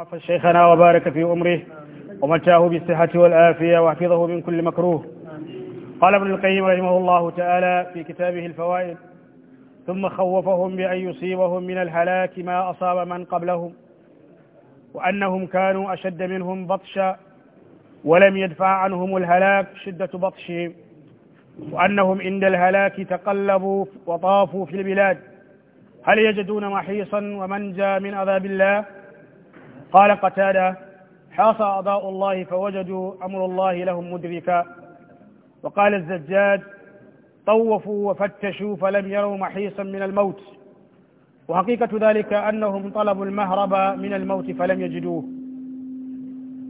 وفى شيخنا وبارك في أمره ومتاه بالصحة والآفية وحفظه من كل مكروه قال ابن القيم رحمه الله تعالى في كتابه الفوائد ثم خوفهم بأن يصيبهم من الهلاك ما أصاب من قبلهم وأنهم كانوا أشد منهم بطشا ولم يدفع عنهم الهلاك شدة بطشهم وأنهم عند الهلاك تقلبوا وطافوا في البلاد هل يجدون محيصا ومنجا من عذاب الله قال قتادة حاصى أعضاء الله فوجدوا أمر الله لهم مدركا وقال الزجاج طوفوا وفتشوا فلم يروا محيصا من الموت وحقيقة ذلك أنهم طلبوا المهرب من الموت فلم يجدوه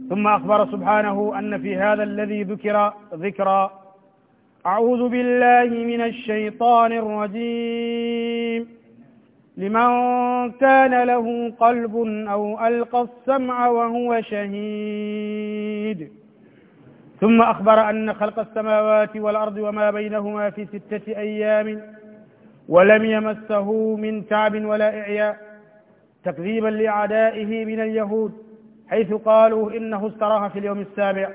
ثم أخبر سبحانه أن في هذا الذي ذكر ذكرى أعوذ بالله من الشيطان الرجيم لمن كان له قلب أو ألقى السمع وهو شهيد ثم أخبر أن خلق السماوات والأرض وما بينهما في ستة أيام ولم يمسه من تعب ولا إعياء تكذيبا لأعدائه من اليهود حيث قالوا إنه استراح في اليوم السابع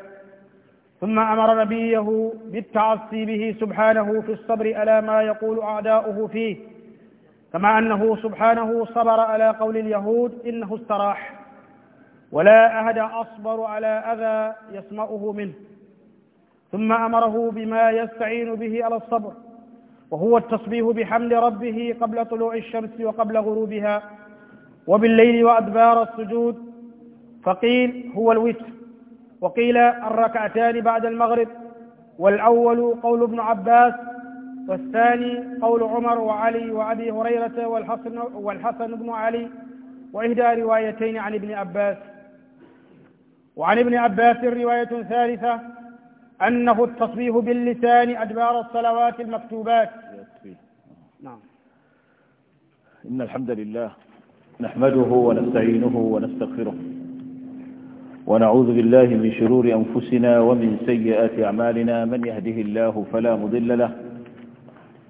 ثم أمر نبيه بالتعصي به سبحانه في الصبر ألا ما يقول أعداؤه فيه كما أنه سبحانه صبر على قول اليهود إنه استراح ولا أحد أصبر على أذى يسمعه منه ثم أمره بما يستعين به على الصبر وهو التصبيح بحمد ربه قبل طلوع الشمس وقبل غروبها وبالليل وأدبار السجود فقيل هو الوتر وقيل الركعتان بعد المغرب والأول قول ابن عباس والثاني قول عمر وعلي وأبي هريرة والحسن, والحسن بن علي وإهدى روايتين عن ابن عباس وعن ابن عباس رواية ثالثة أنه التصبيح باللسان أدبار الصلوات المكتوبات نعم إن الحمد لله نحمده ونستعينه ونستغفره ونعوذ بالله من شرور أنفسنا ومن سيئات أعمالنا من يهده الله فلا مضل له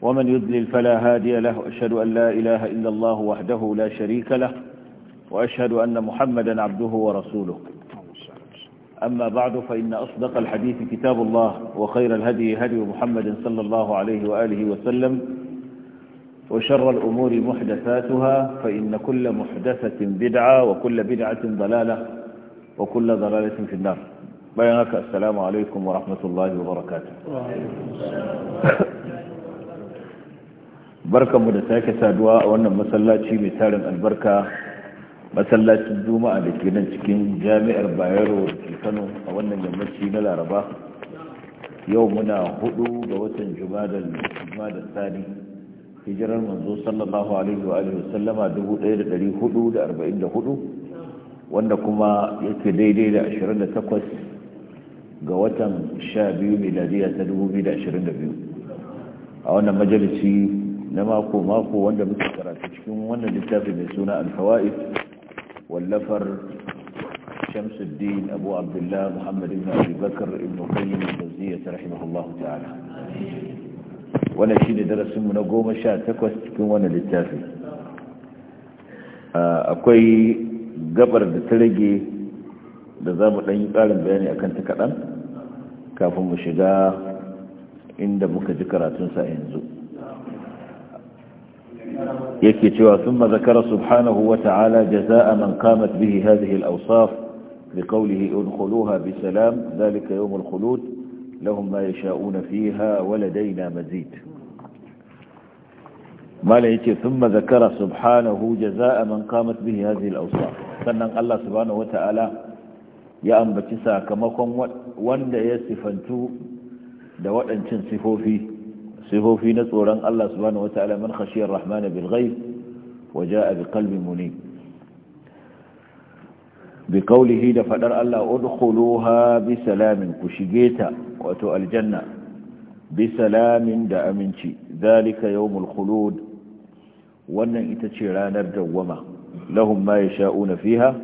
ومن يضلل فلا هادي له أشهد أن لا إله إلا الله وحده لا شريك له وأشهد أن محمدا عبده ورسوله أما بعد فإن أصدق الحديث كتاب الله وخير الهدي هدي محمد صلى الله عليه وآله وسلم وشر الأمور محدثاتها فإن كل محدثة بدعة وكل بدعة ضلالة وكل ضلالة في النار بيانك السلام عليكم ورحمة الله وبركاته mu da sake saduwa a wannan masallaci mai tarin albarka masallacin juma'a da ke nan cikin jami'ar bayero ke kano a wannan yammaci na laraba yau muna hudu ga watan juma'a sani hijirar manzo sallallahu alaihi wa sallama 1444 wanda kuma yake daidai da 28 ga watan biyu miladiya ta 2022 a wannan majalisi na mako mako wanda muke karatu cikin wannan littafi mai suna al wallafar Shamsuddin Abu Abdullah Muhammad ibn Abi ibn Qayyim al-Jawziyyah rahimahullahu ta'ala wannan shi darasin mu na goma sha takwas cikin wannan littafi akwai gabar da ta rage da za mu ɗan yi ƙarin bayani akan ta kaɗan kafin mu shiga inda muka ji karatunsa yanzu yake cewa sun mazakara subhanahu wa ta'ala jaza'a man qamat bihi hadhihi al-awsaf bi qawlihi udkhuluha bi salam dhalika yawm al-khulud lahum ma yasha'una fiha wa ladaina mazid mala yace thumma zakara subhanahu jazaa man qamat bihi hadhihi al sannan Allah subhanahu ta'ala ya ambaci sakamakon wanda ya sifantu da waɗancan sifofi sihofi na tsoron Allah subhanahu wataala man khashiyar rahmana bil ghaib وجاء ne bi بقوله da fadar Allah udkhuluha bi salamin ku shigeta wato aljanna bi salamin da aminci zalika yawmul khulud wannan ita ce ranar dawwama lahum ma yasha'una fiha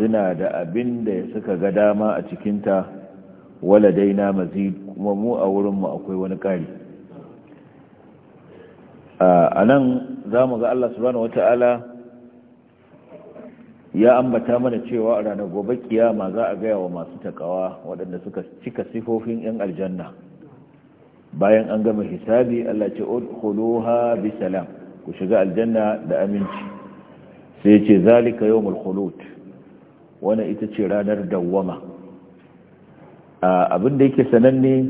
suna da abin da suka ga dama a cikin ta waladaina mazid kuma mu a wurin mu akwai wani ƙari a nan za mu ga Allah subhanahu wata'ala ya ambata mana cewa a ranar gobe kiyama za a gaya wa masu takawa waɗanda suka cika sifofin 'yan aljanna bayan an gama hisabi Allah ce udkhuluha bi salam ku shiga aljanna da aminci sai ce zalika yawmul khulud wani ita ce ranar dawwama abin yake sananne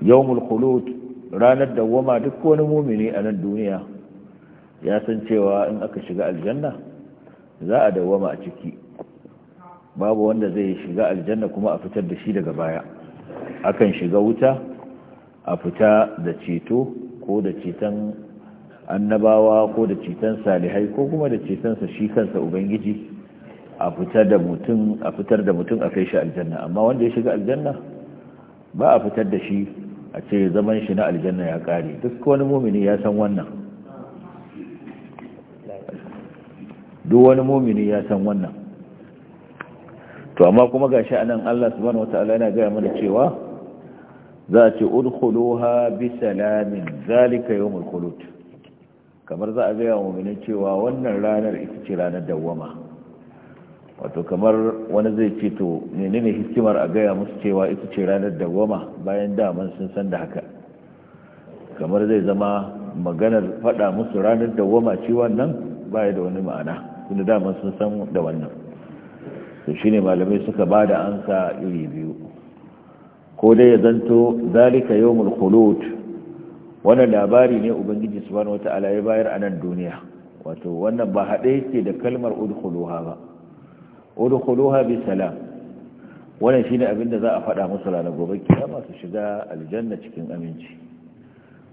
yawmul khulud ranar dawwama duk wani mumini a nan duniya ya san cewa in aka shiga aljanna za a dawwama a ciki babu wanda zai shiga aljanna kuma a fitar da shi daga baya akan shiga wuta a fita da ceto ko da ceton annabawa ko da ceton salihai ko kuma da cetonsa shi kansa ubangiji a fitar da mutum a kai shi aljanna amma wanda ya shiga aljanna ba a fitar da shi a ce zaman shi na aljanna ya kare duk wani mumini ya san wannan duk wani mumini ya san wannan to amma kuma gashi anan Allah subhanahu wataala yana ga mana cewa za a ce udkhuluha bi salamin zalika yawmul khulud kamar za a ga mumini cewa wannan ranar ita ce ranar dawwama wato kamar wani zai ce to menene hikimar a gaya musu cewa ita ce ranar goma bayan daman sun san da haka kamar zai zama maganar faɗa musu ranar goma ci wannan baya da wani ma'ana kuma daman sun san da wannan to shine malamai suka ba da ansa iri biyu ko dai ya zanto zalika yawmul khulud wannan labari ne ubangiji subhanahu wataala ya bayar a nan duniya wato wannan ba haɗe yake da kalmar udkhuluha ba udkhuluha bi salam wannan shine abin da za a fada musu ranar gobe kiyama su shiga aljanna cikin aminci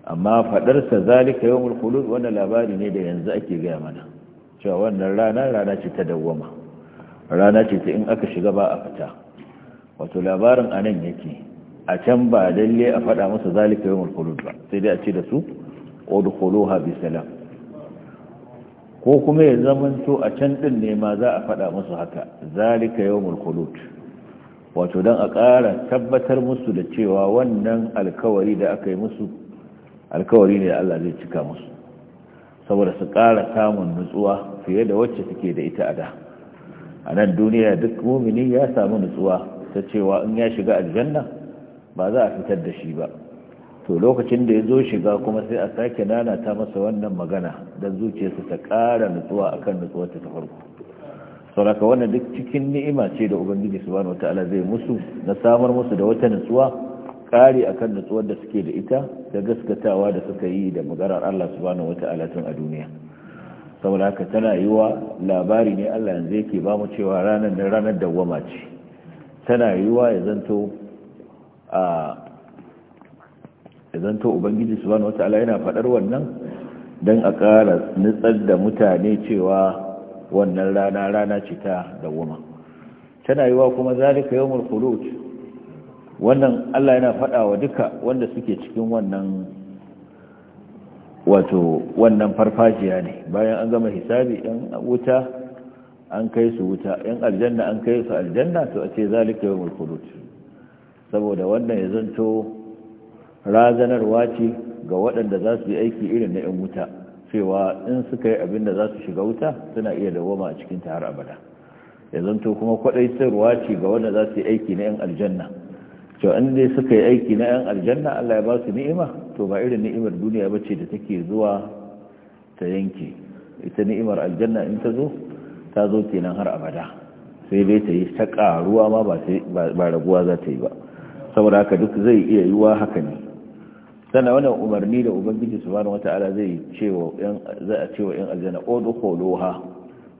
amma fadar sa zalika yawmul khulud wannan labari ne da yanzu ake gaya mana cewa wannan rana rana ce ta dawwama rana ce ta in aka shiga ba a fita wato labarin anan yake a can ba lalle a fada musu zalika yawmul khulud ba sai dai a ce da su udkhuluha bi salam ko kuma ya zamanto a can ɗin ne ma za a faɗa musu haka zalika yawmul khulud wato don a ƙara tabbatar musu da cewa wannan alkawari da aka yi musu alkawari ne da Allah zai cika musu saboda su ƙara samun nutsuwa fiye da wacce suke da ita a da a nan duniya duk mumini ya samu nutsuwa ta cewa in ya shiga aljanna ba za a fitar da shi ba to lokacin da ya zo shiga kuma sai a sake nanata masa wannan magana don zuciyarsa ta ƙara nutsuwa akan nutsuwarta ta farko sauraka wannan duk cikin ni'ima ce da ubangiji subhanahu wataala zai musu na samar musu da wata nutsuwa ƙari akan nutsuwar da suke da ita da gaskatawa da suka yi da maganar Allah su subhanahu wataala tun a duniya saboda haka tana yi wa labari ne Allah yanzu yake ba mu cewa ranar da ranar dawwama ce tana yi wa ya zanto a idan to ubangiji subhanahu wata'ala yana faɗar wannan don a ƙara nutsar da mutane cewa wannan rana rana ce ta goma tana yiwa kuma zalika yawmul khuluj wannan Allah yana faɗawa duka wanda suke cikin wannan wato wannan farfajiya ne bayan an gama hisabi ɗan wuta an kai su wuta ɗan aljanna an kai su aljanna to a ce zalika yawmul khuluj saboda wannan ya zanto razanarwa ce ga waɗanda za su yi aiki irin na 'yan wuta cewa in suka yi abin da za su shiga wuta suna iya dawoma a cikin tahar abada ya zanto kuma ruwa ce ga wanda za su yi aiki na 'yan aljanna cewa in dai suka yi aiki na 'yan aljanna allah ya ba su ni'ima to ba irin ni'imar duniya ba ce da take zuwa ta yanke ita ni'imar aljanna in ta zo ta zo kenan har abada sai dai ta yi ta ƙaruwa ma ba raguwa za yi ba saboda haka duk zai iya yiwuwa haka ne sana wannan umarni da ubangiji subhanahu wata'ala zai cewa yan za a cewa yan aljanna udkhuluha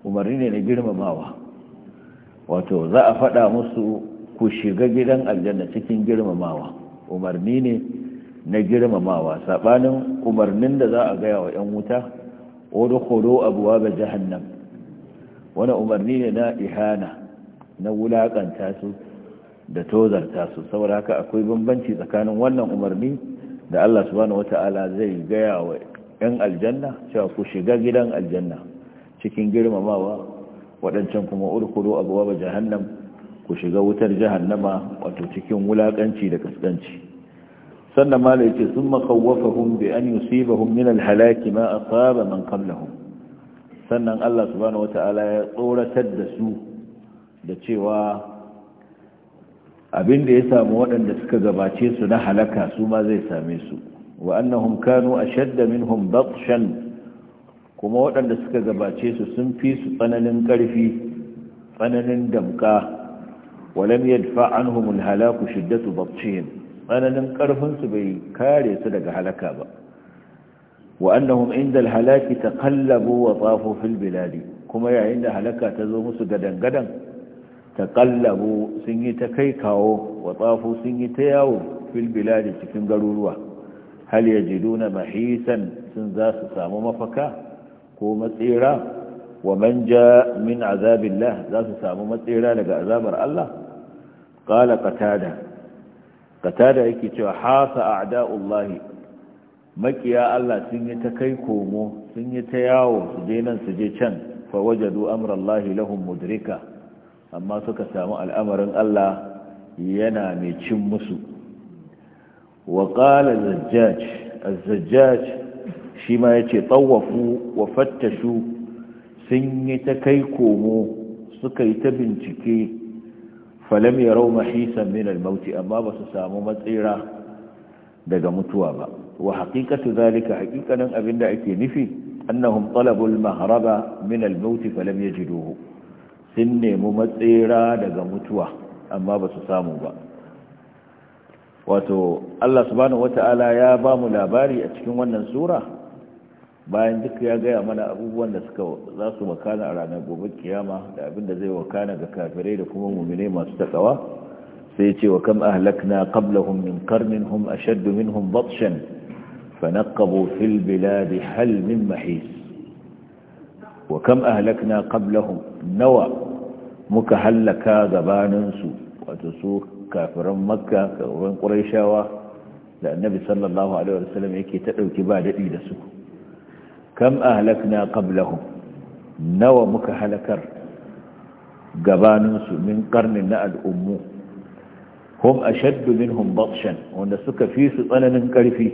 umarni ne na girmamawa wato za a faɗa musu ku shiga gidan aljanna cikin girmamawa umarni ne na girmamawa sabanin umarnin da za a gaya wa yan wuta udkhulu ga jahannam wannan umarni ne na ihana na wulakanta su da tozarta su saboda haka akwai bambanci tsakanin wannan umarni da Allah subhanahu wata'ala zai gaya wa 'yan aljanna cewa ku shiga gidan aljanna cikin girmamawa waɗancan kuma urkuru abuwa ba jahannam ku shiga wutar jahannama wato cikin wulaƙanci da kaskanci sannan mala yace sun makawafahun bi an yusibahum min alhalaki ma asaba man qablahum sannan Allah subhanahu wata'ala ya tsoratar da su da cewa abin da ya samu waɗanda suka gabace su na halaka su ma zai same su wa annahum kanu ashadda minhum batshan kuma waɗanda suka gabace su sun fi su tsananin ƙarfi tsananin damka walam yadfa anhum alhalaku shiddatu batshihim tsananin ƙarfin su bai kare su daga halaka ba wa annahum inda ta taqallabu wa tafu fil kuma yayin da halaka ta zo musu gadan gadan taqallabu sun yi ta kai kawo wa tsafu sun yi ta yawo fil cikin garuruwa hal duna mahisan sun za su samu mafaka ko matsira wa manja min azabillah za su samu matsira daga azabar Allah qala katada katada yake cewa hasa a'da'ullahi makiya Allah sun yi ta kai komo sun yi ta yawo su je nan su je can fa wajadu amrallahi lahun mudrika amma suka samu al'amarin Allah yana mai cin musu wa qala zajjaj zajjaj shi ma yace tsawafu wa fattashu sun yi ta kai komo suka yi ta bincike falam yarau mahisan min al amma ba su samu matsira daga mutuwa ba wa haƙiƙatu zalika haqiqanan abinda ake nufi annahum talabul mahraba min al-maut falam yajiduhu sun nemi matsera daga mutuwa amma ba su samu ba wato Allah subhanahu wata'ala ya ba mu labari a cikin wannan sura bayan duk ya gaya mana abubuwan da suka za su wakana a ranar gobe kiyama da abin da zai wakana ga kafirai da kuma mumine masu takawa sai ce wa kam ahlakna qablahum min qarnin hum ashaddu minhum batshan fanaqabu fil biladi hal min mahis wa kam ahlakna qablahum nawa muka hallaka gabaninsu wato su kafiran makka kafiran quraishawa da annabi sallallahu alaihi wasallam yake ta dauki ba dadi da su kam ahlakna qablahum nawa muka halakar gabaninsu min karnin na al'ummu hum ashaddu minhum batshan wanda suka fi su tsananin karfi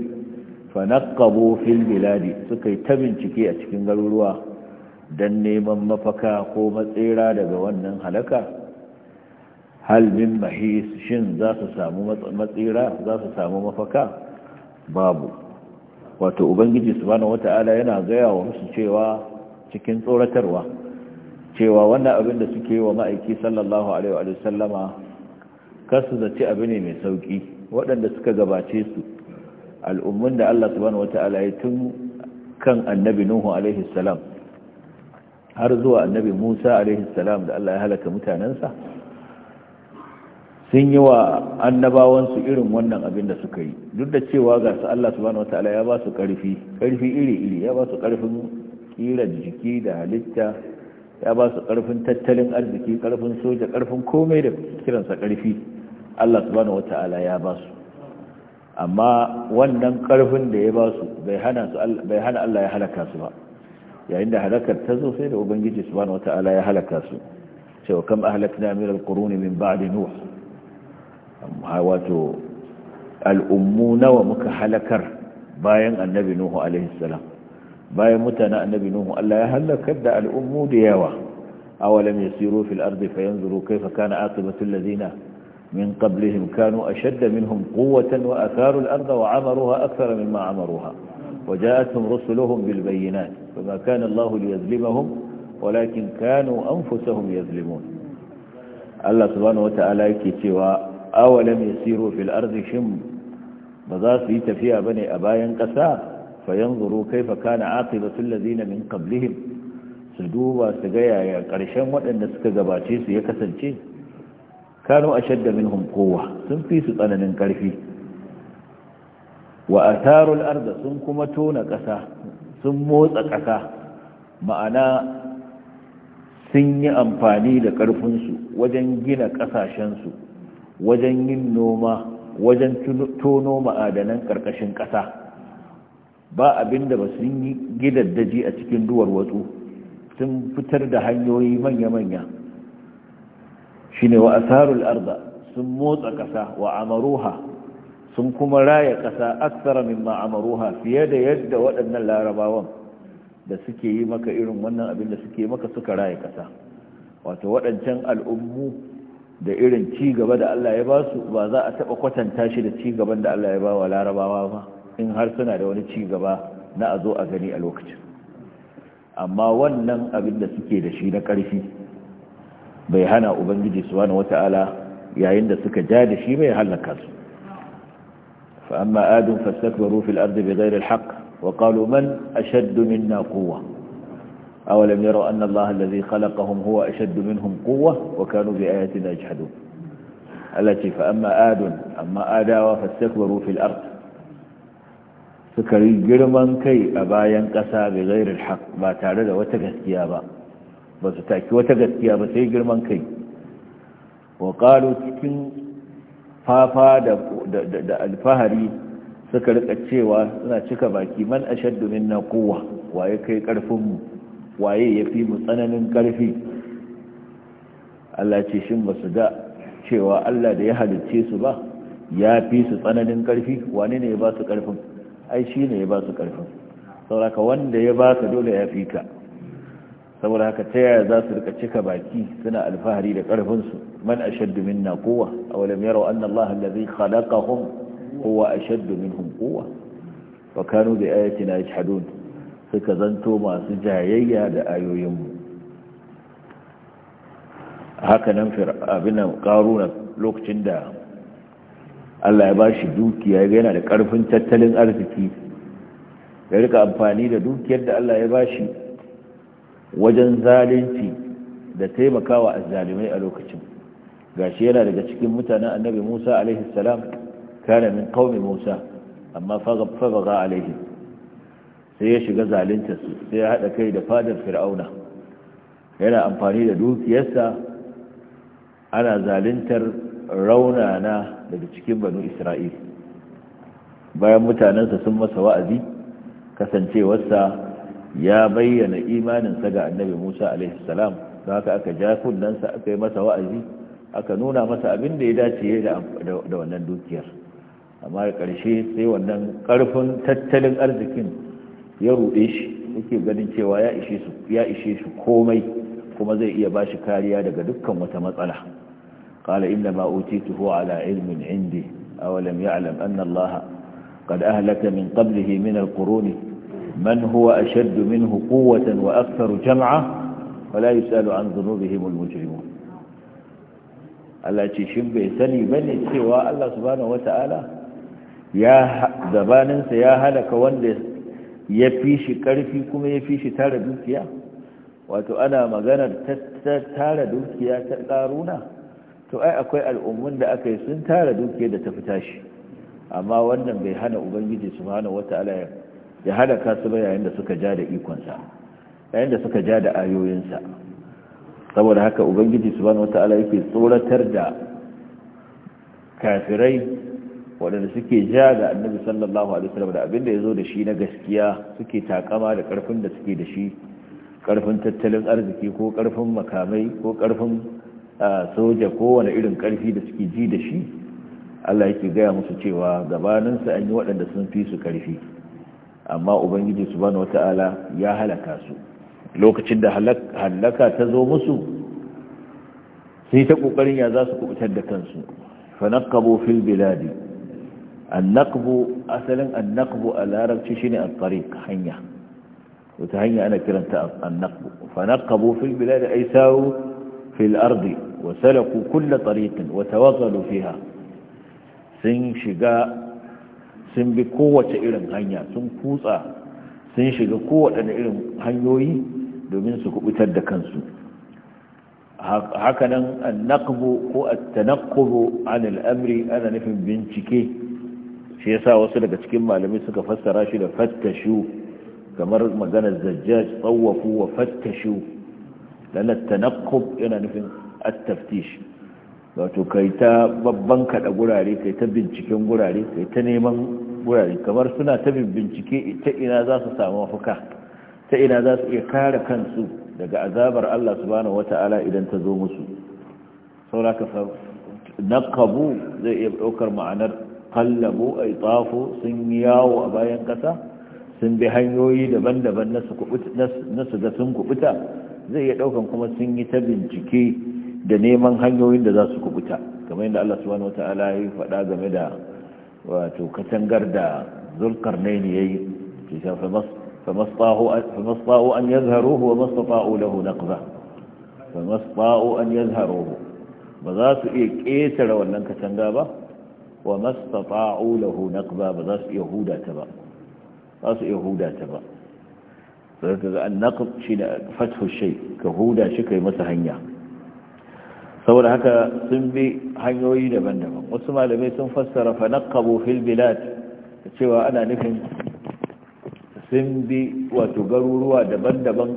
fa naqabu fil biladi suka yi ta bincike a cikin garuruwa don neman mafaka ko matsera daga wannan halaka Halbin mahis shin za su samu matsera za su samu mafaka babu wato ubangiji subhanahu wata'ala yana gaya wa musu cewa cikin tsoratarwa cewa wannan abin da suke wa ma'aiki sallallahu alaihi wa sallama kasu zaci abu ne mai sauki waɗanda suka gabace su al'ummin da Allah subhanahu wata'ala ya tun kan annabi Nuhu alaihi salam har zuwa annabi Musa alaihi salam da Allah ya halaka mutanensa sun yi wa annabawansu irin wannan abin da suka yi duk da cewa ga su Allah subhanahu wataala ya ba su karfi karfi iri-iri ya ba su karfin kiran jiki da halitta ya ba su karfin tattalin arziki karfin soja karfin komai da kiransa karfi Allah subhanahu wataala ya ba su amma wannan karfin da ya ba su bai hana Allah ya halaka su ba yayin da halakar ta zo sai da ubangiji subhanahu wata'ala ya halaka su cewa kam ahlakna min alquruni min ba'di nuh amma wato al'ummu nawa muka halakar bayan annabi nuhu alaihi salam bayan mutanen annabi nuhu Allah ya halakar da al'ummu da yawa awalam yasiru fil ardi fayanzuru kayfa kana aqibatu alladhina min qablihim kanu ashadda minhum quwwatan wa atharu al-ardha wa 'amaruha akthara mimma 'amaruha وجاءتهم رسلهم بالبينات فما كان الله ليظلمهم ولكن كانوا أنفسهم يظلمون الله سبحانه وتعالى كتوى أولم يسيروا في الأرض شم بذات يتفيا بني أبايا قسا فينظروا كيف كان عاقبة الذين من قبلهم سدوبا سقيا يا قرشان وأن سكذباتيس يكسنشي كانوا أشد منهم قوة سنفي سطنن كرفي wa atarul arda sun kuma tona ƙasa sun motsa ƙasa ma'ana sun yi amfani da ƙarfinsu wajen gina ƙasashensu wajen yin noma wajen tono ma'adanan ƙarƙashin ƙasa ba abinda da ba sun yi gidaddaji a cikin duwar watsu sun fitar da hanyoyi manya-manya shine wa asarul arda sun motsa ƙasa wa amaruha sun kuma raya ƙasa aksara min amaruha fiye da yadda waɗannan larabawan da suke yi maka irin wannan abin da suke maka suka raya ƙasa wato waɗancan al'ummu da irin ci gaba da Allah ya ba su ba za a taɓa kwatanta shi da ci gaban da Allah ya ba wa larabawa ba in har suna da wani ci gaba na a zo a gani a lokacin amma wannan abin da suke da shi na ƙarfi bai hana ubangiji subhanahu wata'ala yayin da suka ja da shi bai halaka su فأما آد فاستكبروا في الأرض بغير الحق وقالوا من أشد منا قوة أولم يروا أن الله الذي خلقهم هو أشد منهم قوة وكانوا بآياتنا يجحدون التي فأما آد أما آداوا فاستكبروا في الأرض فكري yi كي أبا ينقسى بغير الحق ما تعرض haƙ ba بس تأكي wata gaskiya سي ba كي وقالوا تكن fafa da alfahari suka rika cewa suna cika baki man ashaddu minna quwwa waye kai karfin mu waye yafi mu tsananin karfi Allah ce shin basu da cewa Allah da ya halicce su ba ya fi su tsananin karfi wane ne ya ba su karfin ai shi ne ya ba su karfin sauraka wanda ya ba ka dole ya fi ka saboda haka ta yaya za su rika cika baki suna alfahari da su man ashaddu minna quwwa aw lam yaraw anna kowa a khalaqahum huwa ashaddu minhum quwwa wa kanu bi ayatina yajhadun suka zanto masu jayayya da ayoyinmu haka nan abinan karuna lokacin da Allah ya ba dukiya yana da karfin tattalin arziki ya rika amfani da dukiyar da Allah ya ba shi wajen zalunci da taimakawa azzalimai a lokacin gashi yana daga cikin mutanen annabi Musa alaihi salam kana min qaumi Musa amma faghaga alaihi sai ya shiga zalunta su sai ya hada kai da fadar fir'auna yana amfani da dukiyarsa ana zaluntar raunana daga cikin banu Isra'il bayan mutanensa sun masa wa'azi kasancewarsa ya bayyana imaninsa ga annabi Musa alaihi salam haka aka ja kunnensa aka yi masa wa'azi aka nuna masa abin da ya dace da wannan dukiyar amma da ƙarshe sai wannan ƙarfin tattalin arzikin ya ruɗe shi yake ganin cewa ya ishe shi komai kuma zai iya ba shi kariya daga dukkan wata matsala ƙala inda ma oti tuho ala ilmin indi a walam ya alam an Allah kada ahalaka min qablihi min alƙuruni man huwa ashaddu minhu quwwatan wa aktharu jam'a wala yusalu an dhunubihim almujrimun Allah ce shi bai sani ba ne cewa Allah subhanahu wata'ala ya gabaninsa ya halaka wanda ya fi karfi kuma ya fi shi tara dukiya wato ana maganar tara dukiya ta karuna to ai akwai al'ummun da aka yi sun tara dukiya da ta fita shi amma wannan bai hana ubangiji subhanahu wata'ala ya halaka su ba yayin da suka ja da ikonsa yayin da suka ja da ayoyinsa saboda haka ubangiji subhanahu wata'ala yake tsoratar da kafirai waɗanda suke ja ga annabi sallallahu alaihi wasallam da abinda ya zo da shi na gaskiya suke takama da karfin da suke da shi karfin tattalin arziki ko karfin makamai ko karfin soja ko kowane irin karfi da suke ji da shi Allah yake gaya musu cewa su an yi waɗanda sun fi su karfi amma ubangiji subhanahu wata'ala ya halaka su lokacin da halaka ta zo musu sai ta kokarin ya za su kubutar da kansu fanaqabu fil biladi annaqbu asalin annaqbu a larabci shine at-tariq hanya wata hanya ana kiranta annaqbu fanaqabu fil biladi ay sawu fil ardi wa salaku kull tariqin wa tawaggalu fiha sun shiga sun bi kowace irin hanya sun kutsa sun shiga kowace irin hanyoyi domin su kubutar da kansu hakanan annaqbu ko at-tanaqqubu an al-amri ana nufin bincike shi yasa wasu daga cikin malamai suka fassara shi da fattashu kamar maganar zajjaj tsawafu wa fattashu dan at-tanaqqub yana nufin at-taftish wato kai ta babban kada gurare kai ta binciken gurare kai ta neman gurare kamar suna ta bincike ta ina za su samu mafuka ta ina za su iya kare kansu daga azabar Allah subhanahu wata'ala idan ta zo musu sauraka naqabu zai iya ɗaukar ma'anar a yi tsafo sun yi yawo a bayan ƙasa sun bi hanyoyi daban-daban na su ga sun kubuta zai iya ɗaukan kuma sun yi ta bincike da neman hanyoyin da za su kubuta kamar yadda Allah subhanahu wata'ala ya yi faɗa game da wato katangar da zulkarnaini yayi ne ya yi. فما استطاعوا أن يظهروه وما استطاعوا له نقبة فما استطاعوا أن يظهروه بذات إيتر إيه ولنك تنقابة وما استطاعوا له نقبة بذات إيه يهودا تبا بذات إيه يهودا تبا فذلك النقب فتح الشيء كهودا شكري مسهنيا saboda هكا سنبي bi hanyoyi وسمع لبيتهم فسر فنقبوا في البلاد سوى أنا نفهم sun bi wato garuruwa daban-daban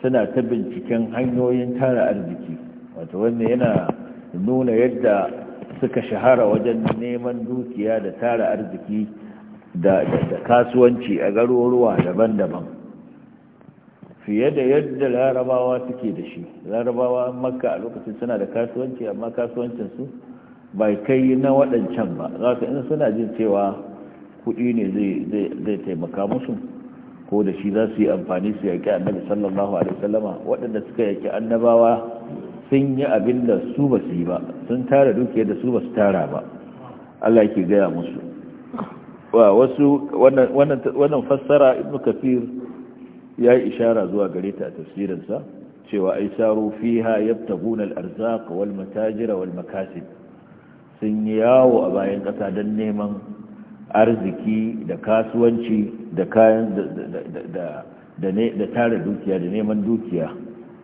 suna ta binciken hanyoyin tara arziki wato wannan yana nuna yadda suka shahara wajen neman dukiya da tara arziki da kasuwanci a garuruwa daban-daban fiye da yadda larabawa suke da shi larabawa maka a lokacin suna da kasuwanci amma kasuwancinsu bai kai na waɗancan ba za su in suna jin cewa kuɗi ne zai taimaka musu ko da shi za su yi amfani su yaƙi annabi sallallahu alaihi wasallama waɗanda suka yaƙi annabawa sun yi abin da su ba su yi ba sun tara dukiyar da su ba su tara ba Allah yake gaya musu wasu wannan fassara ibnu kafir ya yi ishara zuwa gare ta a tafsirinsa cewa ai saru fiha yabtaguna al-arzaq wal matajir wal makasib sun yawo a bayan ƙasa don neman arziki da kasuwanci da kayan da tara dukiya da neman dukiya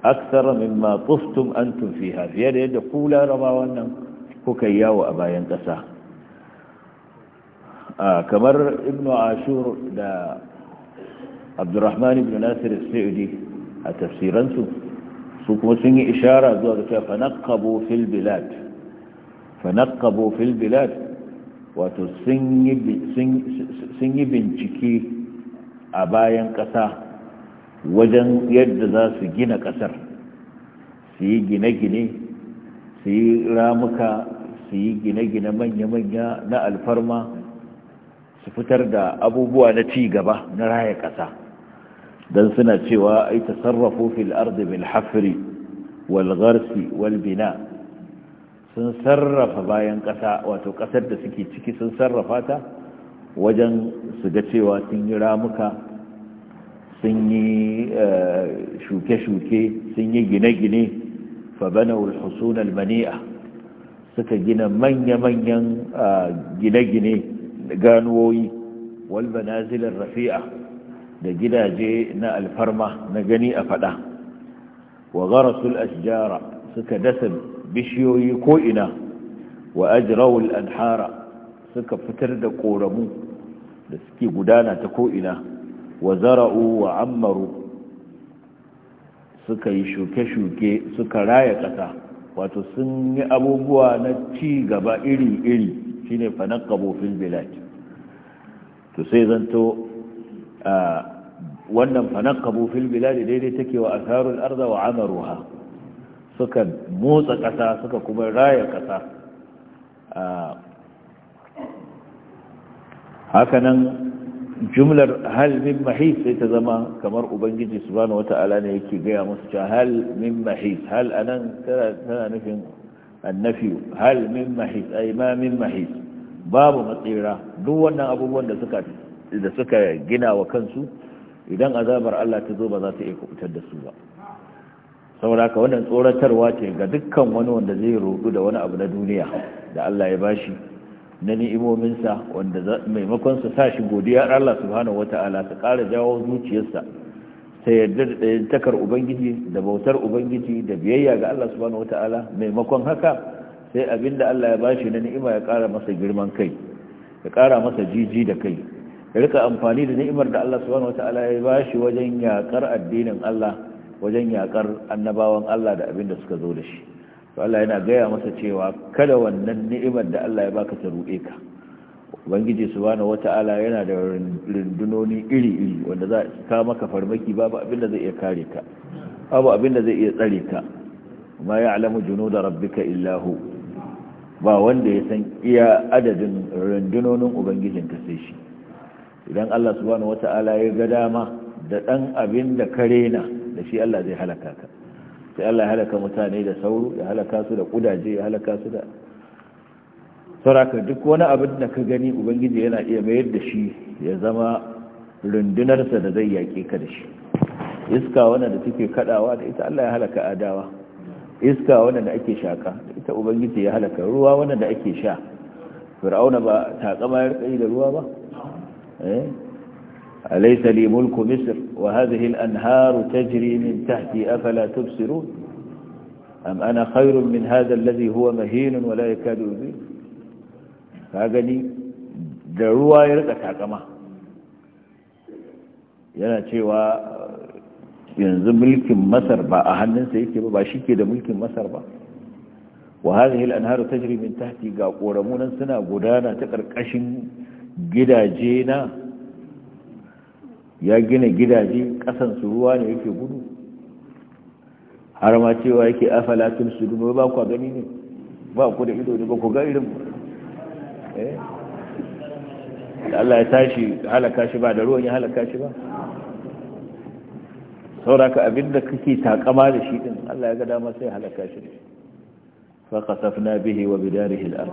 aksara mimma tuftum antum fiha fiye da yadda ku laraba wannan kuka yawo a bayan ƙasa kamar ibn ashur da abdurrahman ibn nasir al a tafsiransu su kuma sun yi ishara zuwa ga cewa fanaqabu fil bilad bilad wato sun yi bincike a bayan ƙasa wajen yadda za su gina ƙasar su yi gine-gine su yi ramuka su yi gine-gine manya-manya na alfarma su fitar da abubuwa na ci gaba na raya ƙasa don suna cewa ai tasarrafu fil ardi bil hafri wal bina' sun sarrafa bayan ƙasa wato ƙasar da suke ciki sun sarrafa ta wajen su ga cewa sun yi ramuka sun yi eh, shuke-shuke sun yi gine-gine fabanawul husun albani'a suka gina manya-manyan eh, gine-gine ganuwoyi walbanazilin rafi'a da gidaje na alfarma na gani a fada wa garasul ashjara suka dasa bishiyoyi ko ina wa ajrawul anhara suka fitar da ƙoramu da suke gudana ta ko ina wa zara'u wa ammaru suka yi shuke-shuke suka raya ƙasa wato sun yi abubuwa na ci gaba iri-iri shine fanan kabofin bilad to sai zanto wannan fanan kabofin bilad daidai take wa asarul arza wa amaruha suka motsa ƙasa suka kuma raya kasa hakanan jumlar hal min mahis sai ta zama kamar ubangiji subhanahu wata'ala ne yake gaya musu cewa hal min mahis hal anan tana nufin annafi hal min mahis ai ma min mahis babu matsira duk wannan abubuwan da suka da suka gina wa kansu idan azabar Allah ta zo ba za ta iya kubutar da su ba saboda wannan tsoratarwa ce ga dukkan wani wanda zai roƙu da wani abu na duniya da Allah ya bashi na ni'imominsa wanda maimakon su sa shi godiya Allah subhanahu wata'ala ta ƙara jawo zuciyarsa ta yarda da takar ubangiji da bautar ubangiji da biyayya ga Allah subhanahu wata'ala maimakon haka sai abinda Allah ya bashi na ni'ima ya kara masa girman kai ya ƙara masa jiji da kai ya rika amfani da ni'imar da Allah subhanahu wata'ala ya bashi wajen yaƙar addinin Allah wajen yakar annabawan Allah da abin da suka zo da shi to Allah yana gaya masa cewa kada wannan ni'imar da Allah ya baka ta ruɗe ka ubangiji subhanahu wata'ala yana da rundunoni iri-iri wanda za ka maka farmaki babu abin da zai iya kare ka babu abin da zai iya tsare ka ma ya'lamu junuda rabbika illa hu ba wanda ya san iya adadin rundunonin ubangijin ka sai shi idan Allah subhanahu wata'ala ya ga dama da dan abin da kare da shi Allah zai halaka ka sai Allah ya halaka mutane da sauro ya halaka su da kudaje ya halaka su da saraka. duk wani abin da ka gani ubangiji yana iya mayar da shi ya zama rundunarsa da zai yaƙe ka da shi iska wanda da take kadawa da ita Allah ya halaka adawa iska wanda da ake shaka da ita ubangiji ya halaka ruwa wanda da ake sha fir'auna ba ta tsama ya da ruwa ba eh alaysa li mulku misr وهذه الأنهار تجري من تحتي أفلا تبصرون أم أنا خير من هذا الذي هو مهين ولا يكاد يبين فأغني دروا يرقى كاكما yana cewa yanzu mulkin masar ba a hannunsa yake ba ba shi ke da mulkin masar ba wa hadhihi al-anharu tajri min tahti ga koramunan suna gudana ta karkashin gidaje na ya gina gidaje kasan su ruwa ne yake gudu har ma cewa yake afalatun su dubo ba ku gani ne ba ku da ido ne ba ku ga irin eh Allah ya tashi halaka shi ba da ruwan ya halaka shi ba sauraka abinda kake takama da shi din Allah ya ga dama sai halaka shi fa qasafna bihi wa bidarihi al-ard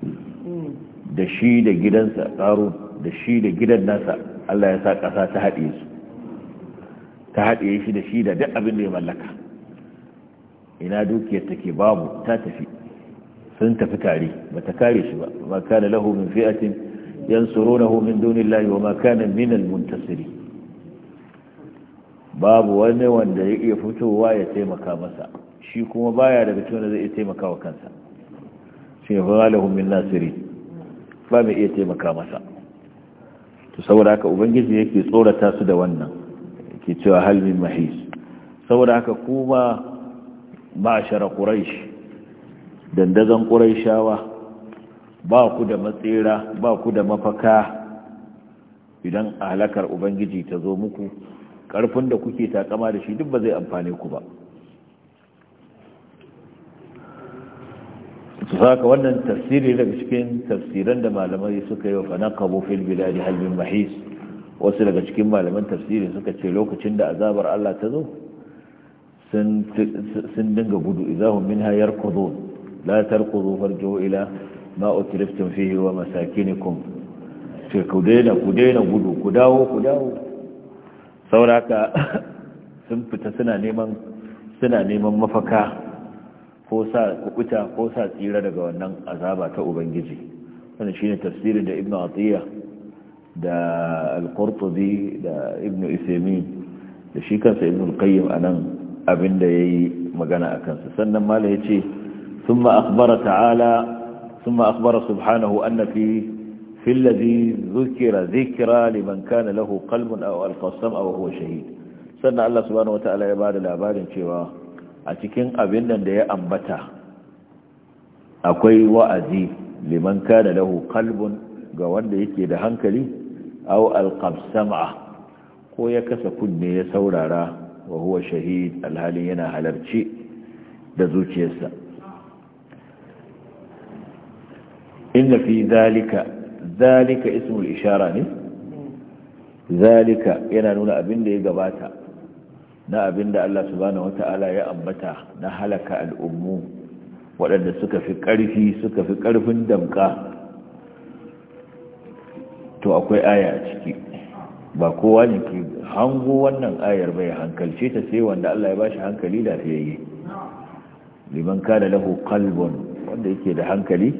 hmm. da shi da gidansa karo da shi da gidan nasa Allah ya sa ƙasa ta haɗe su ta haɗe shi da shi da duk abin da ya mallaka ina dukiyar ta ke babu ta tafi sun tafi tare ba ta kare shi ba ma kana lahu min fi'atin yansurunahu min dunillahi wa ma kana min almuntasiri babu wani wanda ya iya fitowa ya taimaka masa shi kuma baya daga cikin da zai iya taimaka wa kansa shi ne fa lahu min nasiri ba mai iya taimaka masa to saboda haka ubangiji yake tsorata su da wannan ke cewa halmin mahis saboda haka kuma ma'ashara quraish dandazan quraishawa ba ku da matsira ba ku da mafaka idan halakar ubangiji ta zo muku karfin da kuke takama da shi duk ba zai amfane ku ba saka wannan tafsiri daga cikin tafsiran da malamai suka yi wa fanaqabu fil biladi halbin min mahis wasu daga cikin malaman tafsiri suka ce lokacin da azabar Allah ta zo sun dinga gudu idahum minha yarkudun la tarkudu farju ila ma utriftum fihi wa masakinikum ce ku daina ku daina gudu ku dawo ku dawo sauraka sun fita suna neman suna neman mafaka ko sa kubuta ko sa tsira daga wannan azaba ta ubangiji wannan shine tafsirin da ibnu atiya da al-qurtubi da ibnu isemi da shi kansa ibnu qayyim anan abinda yayi magana akan sa sannan mala yace thumma akhbara ta'ala thumma akhbara subhanahu anna fi في الذي ذكر ذكرى لمن كان له قلب أو ألقى السمع sannan allah سنة الله سبحانه وتعالى يبعد labarin cewa. a cikin abin nan da ya ambata akwai wa'azi liman da lahu qalbun ga wanda yake da hankali aw alqabsama ko ya kasa kunne ya saurara wa huwa shahid alhali yana halarci da zuciyarsa inna fi zalika zalika ismul ishara ne zalika yana nuna abin da ya gabata na abin da Allah subhanahu wata'ala ya ambata na halaka al'ummu waɗanda suka fi ƙarfi suka fi ƙarfin damka to akwai aya a ciki ba kowa ne ke hango wannan ayar bai hankalce ta sai wanda Allah ya ba shi hankali yi. liman kana lahu qalbun wanda yake da hankali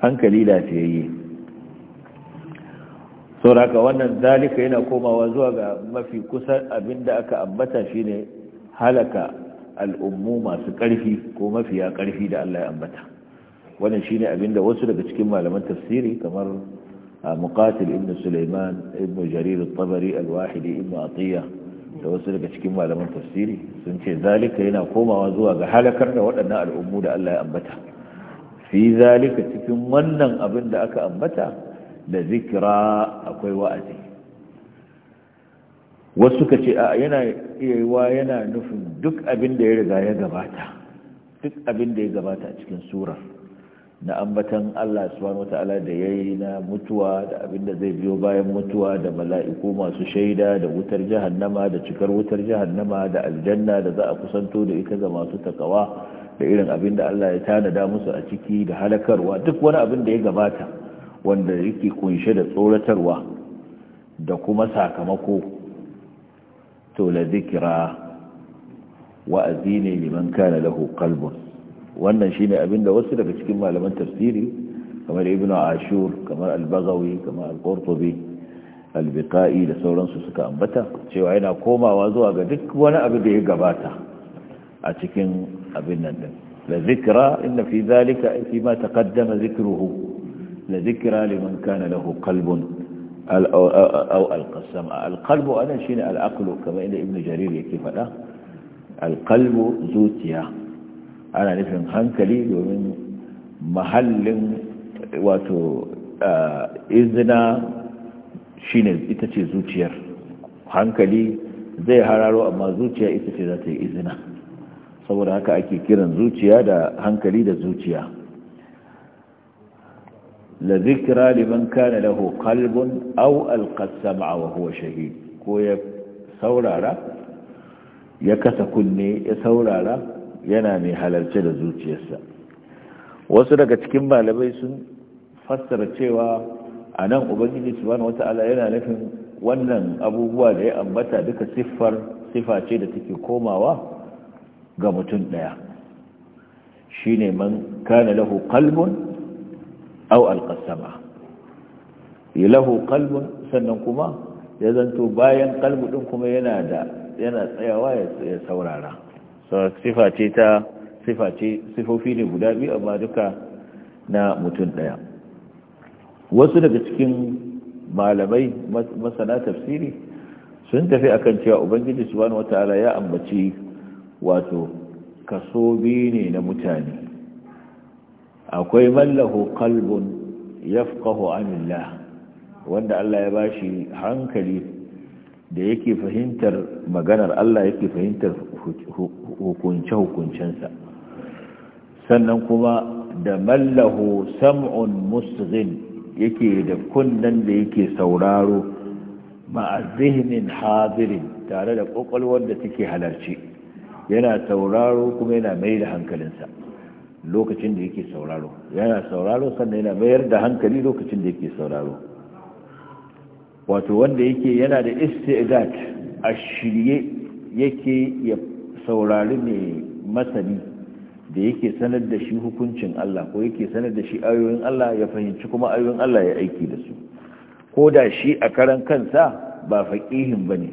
hankali lafiyayye sauraka wannan zalika yana komawa zuwa ga mafi kusan abinda aka ambata shine halaka al'ummu masu ƙarfi ko mafiya ƙarfi da Allah ya ambata wannan shine abinda wasu daga cikin malaman tafsiri kamar muqatil ibn Sulaiman ibn Jarir al-Tabari al-Wahidi ibn Atiya da wasu daga cikin malaman tafsiri sun ce zalika yana komawa zuwa ga halakar da waɗannan al'ummu da Allah ya ambata fi zalika cikin wannan abin da aka ambata da zikira akwai wa'azi wasu suka ce a yana wa yana nufin duk abin da ya riga ya gabata duk abin da ya gabata a cikin sura. na ambatan Allah subhanahu wata'ala da ya yi na mutuwa da abin da zai biyo bayan mutuwa da mala'iku masu shaida da wutar jahannama da cikar wutar jahannama da aljanna da za a kusanto da ita ga masu takawa da irin abin da Allah ya tanada musu a ciki da halakarwa duk wani abin da ya gabata wanda yake kunshe da tsoratarwa da kuma sakamako to la zikira wa'azi ne liman kana lahu qalbun wannan shine abinda wasu daga cikin malaman tafsiri kamar ibnu ashur kamar al-baghawi kamar al-qurtubi al-biqai da sauransu suka ambata cewa yana komawa zuwa ga duk wani abu da ya gabata a cikin abin nan din la zikra inna fi zalika fi ma taqaddama zikruhu la zikra liman kana lahu qalbun aw alqasam alqalbu ana shine alaqlu kamar inda ibnu jarir yake faɗa alqalbu zuciya ana nufin hankali domin mahallin wato izina shine ita ce zuciyar hankali zai hararo amma zuciya ita ce za ta yi izina saboda haka ake kiran zuciya da hankali da zuciya la zikra liman kana lahu qalbun au alqasama wa huwa ko ya saurara ya kasa kunne ya saurara yana mai halarci da zuciyarsa wasu daga cikin malamai sun fassara cewa a nan ubangiji subhanahu wata'ala yana nufin wannan abubuwa da ya ambata duka siffar sifa ce da take komawa ga mutum ɗaya shine man kane lahu qalbun au alƙasama lahu kalbun sannan kuma ya zanto bayan kalbu ɗin kuma yana da yana tsayawa ya saurara sifa ce ta sifa ce sifofi ne guda biyu amma duka na mutum ɗaya wasu daga cikin malamai masana tafsiri sun tafi akan cewa ubangiji subhanahu wataala ya ambaci wato kaso biyu ne na mutane akwai mallahu qalbun yafqahu anillah wanda Allah ya bashi hankali da yake fahimtar maganar Allah yake fahimtar hukunce-hukuncensa sannan kuma da mallahu sam'un musghin yake da kunnan da yake sauraro ma'azihinin hadirin tare da ƙwaƙwalwar da take halarci yana sauraro kuma yana mai da hankalinsa lokacin da yake sauraro yana sauraro sannan yana mayar da hankali lokacin da yake sauraro wato wanda yake yana da istidat a shirye yake ya saurari ne masani da yake sanar da shi hukuncin Allah ko yake sanar da shi ayoyin Allah ya fahimci kuma ayoyin Allah ya aiki da su ko da shi a karan kansa ba faƙihin ba ne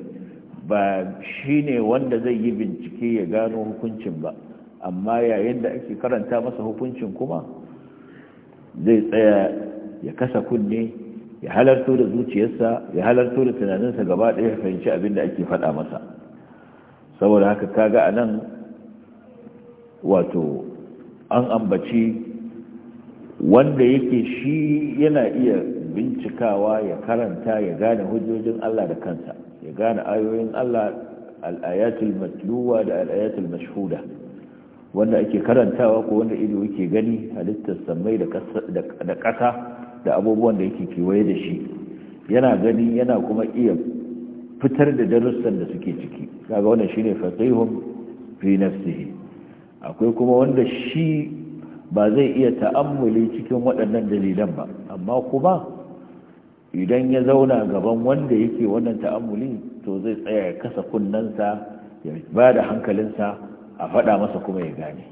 ba shi ne wanda zai yi bincike ya gano hukuncin ba amma yayin da ake karanta masa hukuncin kuma zai tsaya ya kasa kunne ya halarto da zuciyarsa ya halarto da tunaninsa gaba ɗaya fahimci abin da ake faɗa masa saboda haka kaga a nan wato an ambaci wanda yake shi yana iya bincikawa ya karanta ya gane hujjojin Allah da kansa ya gane ayoyin Allah al'ayatul matluwa da al'ayatul mashhuda wanda ake karantawa ko wanda ido yake gani halittar samai da ƙasa da abubuwan da yake kewaye da shi yana gani yana kuma iya fitar da darussan da suke ciki kaga wannan shine fasihun fi nafsihi akwai kuma wanda shi ba zai iya ta'ammuli cikin waɗannan dalilan ba amma kuma idan ya zauna gaban wanda yake wannan ta'ammuli to zai tsaya ya kasa kunnansa ya ba da hankalinsa a faɗa masa kuma ya gane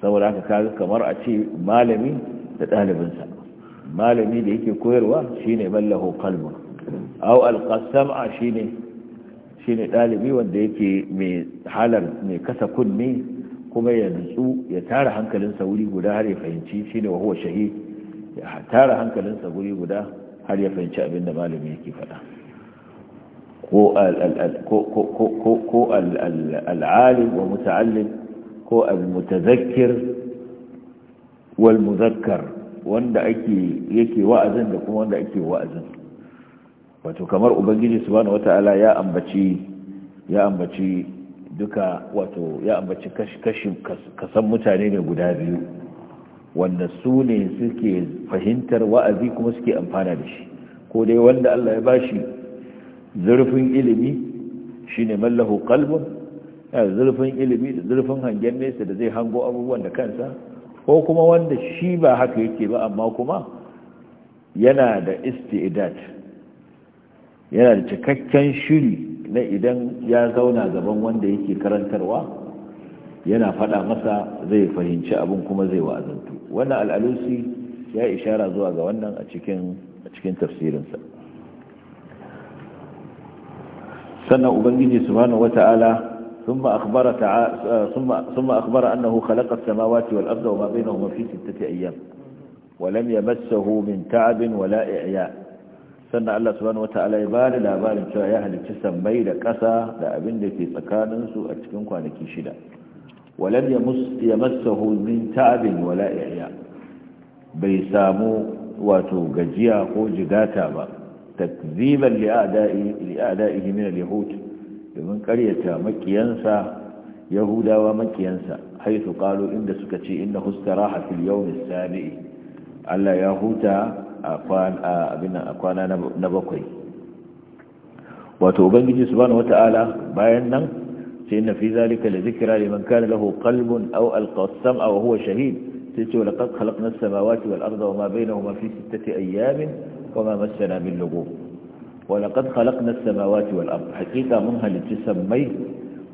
saboda haka kaga kamar a ce malami da ɗalibinsa malami da yake koyarwa shine ballahu qalbun aw alqasama shine shine ɗalibi wanda yake mai halar mai kasa kunne kuma ya nutsu ya tara hankalinsa wuri guda har ya fahimci shine wa shahid ya tara hankalinsa wuri guda har ya fahimci abin da malami yake faɗa ko al'alim wa muta'allim ko al-mutazakkir wal muzakkar wanda ake yake wa'azin da kuma wanda ake wa'azin wato kamar ubangiji su subhanahu wata'ala ya ambaci ya ambaci duka wato ya ambaci kashin kasan mutane ne guda biyu wanda su ne suke fahimtar wa'azi kuma suke amfana da shi ko dai wanda Allah ya bashi zurfin ilimi shi ne mallahu qalbun ya zurfin ilimi da zurfin hangen nesa da zai hango abubuwan da kansa ko kuma wanda shi ba haka yake ba amma kuma yana da istidat yana da cikakken shiri na idan ya zauna gaban wanda yake karantarwa yana fada masa zai fahimci abin kuma zai wa'azantu wannan al'alusi ya ishara zuwa ga wannan a cikin tafsirinsa sannan ubangiji subhanahu wata'ala sun ma akbara annahu khalaqas samawati wal arda wa bainahuma fi sittati ayyam wa lam yamassahu min ta'abin wala sannan Allah subhanahu wata'ala ya bada labarin cewa ya halicci sammai da ƙasa da abin da ke tsakanin su a cikin kwanaki shida wa lam yamassahu min ta'abin wala bai samu wato gajiya ko jigata ba تكذيبا لأعدائه, لأعدائه من اليهود لمن قرية مكيانسا يهودا ومكيانسا حيث قالوا إن سكتي إنه استراح في اليوم السابع ألا يهودا أقوانا نبقي جي سبحانه وتعالى باينا ان في ذلك لذكرى لمن كان له قلب أو ألقى السمع وهو شهيد تلك ولقد خلقنا السماوات والأرض وما بينهما في ستة أيام وما مسنا من لغوب ولقد خلقنا السماوات والأرض حقيقة منها لتسمي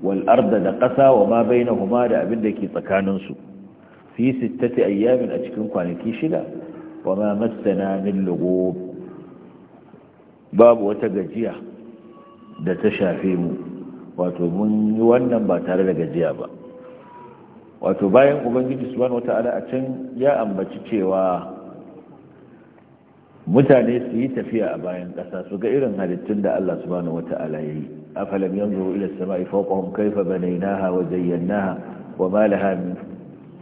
والأرض دقسا وما بينهما لأبنك تكاننسو في ستة أيام أتكلم كوانكي شلا وما مسنا من لغوب باب وتجزية da ta shafe mu wato mun yi wannan ba tare da gajiya ba wato bayan ubangiji subhanahu wata'ala a can ya ambaci cewa mutane su yi tafiya a bayan ƙasa su ga irin halittun da Allah subhanahu wata'ala ya yi afalam yanzu ila samai fawqahum kayfa banaynaha wa zayyanaha wa ma laha min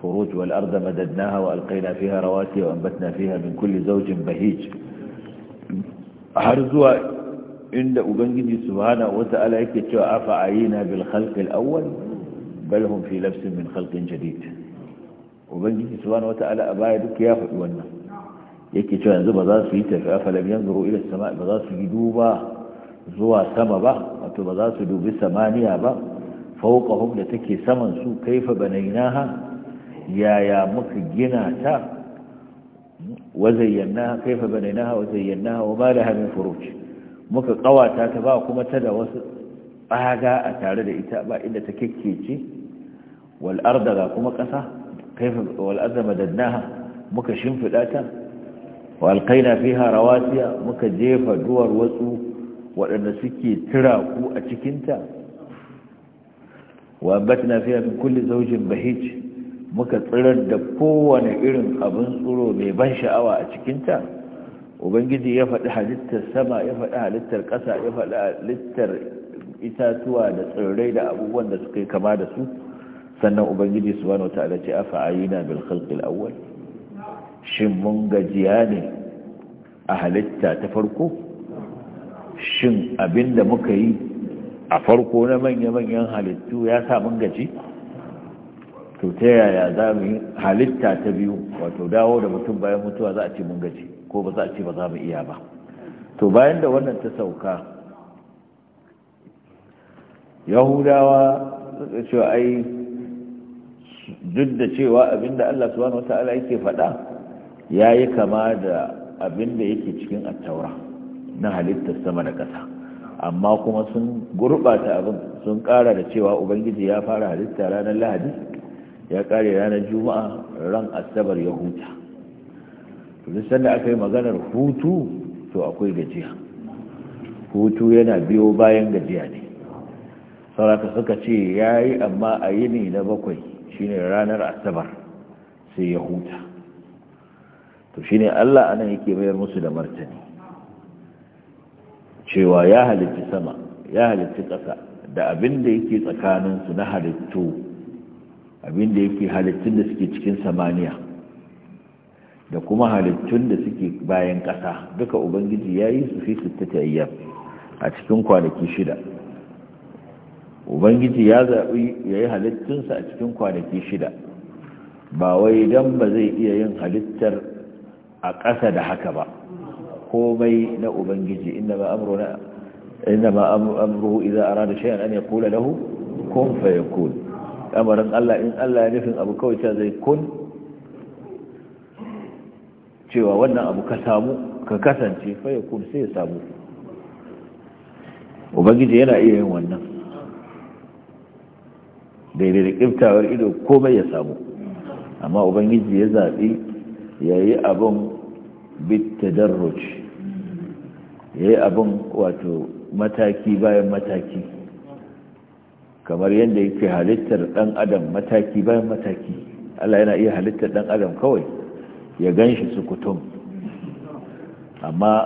furuj wal arda madadnaha wa alqayna fiha rawasi wa anbatna fiha min kulli zawjin bahij har zuwa inda ubangiji subhanahu wata'ala yake cewa afa ayina bil khalq al-awwal bal hum fi lafsin min khalqin jadid ubangiji subhanahu wata'ala a baya duk ya faɗi wannan yake cewa yanzu ba za su yi tafiya falam yanzuru ila sama ba za su yi duba zuwa sama ba wato ba za su dubi samaniya ba fawqahum da take saman su kaifa banainaha yaya muka gina ta wa zayyanaha kaifa banainaha wa zayyanaha wa ma laha min furuj muka kawata ta ba kuma ta da wasu tsaga a tare da ita ba inda ta kekkece wal arda ga kuma kasa kaifa wal arda madannaha muka shimfida ta walƙaina fi harawasiya muka jefa duwar wasu waɗanda suke tiraku a cikinta wa batna fiha min kulli zawjin bahij muka tsirar da kowane irin abin tsoro mai ban sha'awa a cikinta ubangiji ya faɗi halittar sama ya faɗi halittar ƙasa ya faɗi halittar itatuwa da tsirrai da abubuwan da suka yi kama da su sannan ubangiji subhanahu wa ta'ala ce afa ayina bil khalqil awwal shin mun gajiya ne a halitta ta farko shin abinda muka yi a farko na manya-manyan halittu ya sa mun gaji to ta yaya za mu yi halitta ta biyu wato dawo da mutum bayan mutuwa za a ce mun gaji ko ba za a ce ba za mu iya ba to bayan da wannan ta sauka yahudawa suka cewa ai duk da cewa abinda Allah subhanahu ala yake faɗa ya yi kama da abin da yake cikin attaura na halittar sama da ƙasa amma kuma sun gurɓata abin sun ƙara da cewa ubangiji ya fara halitta ranar lahadi ya ƙare ranar juma'a ran asabar ya huta turistan da aka yi maganar hutu to akwai gajiya hutu yana biyo bayan gajiya ne sauraka suka ce ya yi amma a yini na bakwai shine ranar asabar sai ya huta to shi ne Allah anan yake mayar musu da martani cewa ya halitta sama ya halitta ƙasa da abin da yake tsakaninsu na halittu abin da yake halittun da suke cikin samaniya da kuma halittun da suke bayan ƙasa duka ubangiji ya yi su fi su ayyam a cikin kwanaki shida ubangiji ya zaɓi ya yi halittunsa a cikin kwanaki shida ba wai don ba zai iya yin halittar a ƙasa da haka ba komai na ubangiji inda ba amru na inda ba amru idza arada shay'an an yaqula lahu kun fayakun Allah in Allah ya nufin abu kawai ta zai kun cewa wannan abu ka samu ka kasance kun sai ya samu ubangiji yana iya yin wannan daidai da ƙiftawar ido komai ya samu amma ubangiji ya zaɓi yayi abun bitadarruj yayi abun wato mataki bayan mataki kamar yadda yake halittar dan adam mataki bayan mataki Allah yana iya halittar dan adam kawai ya ganshi sukutum amma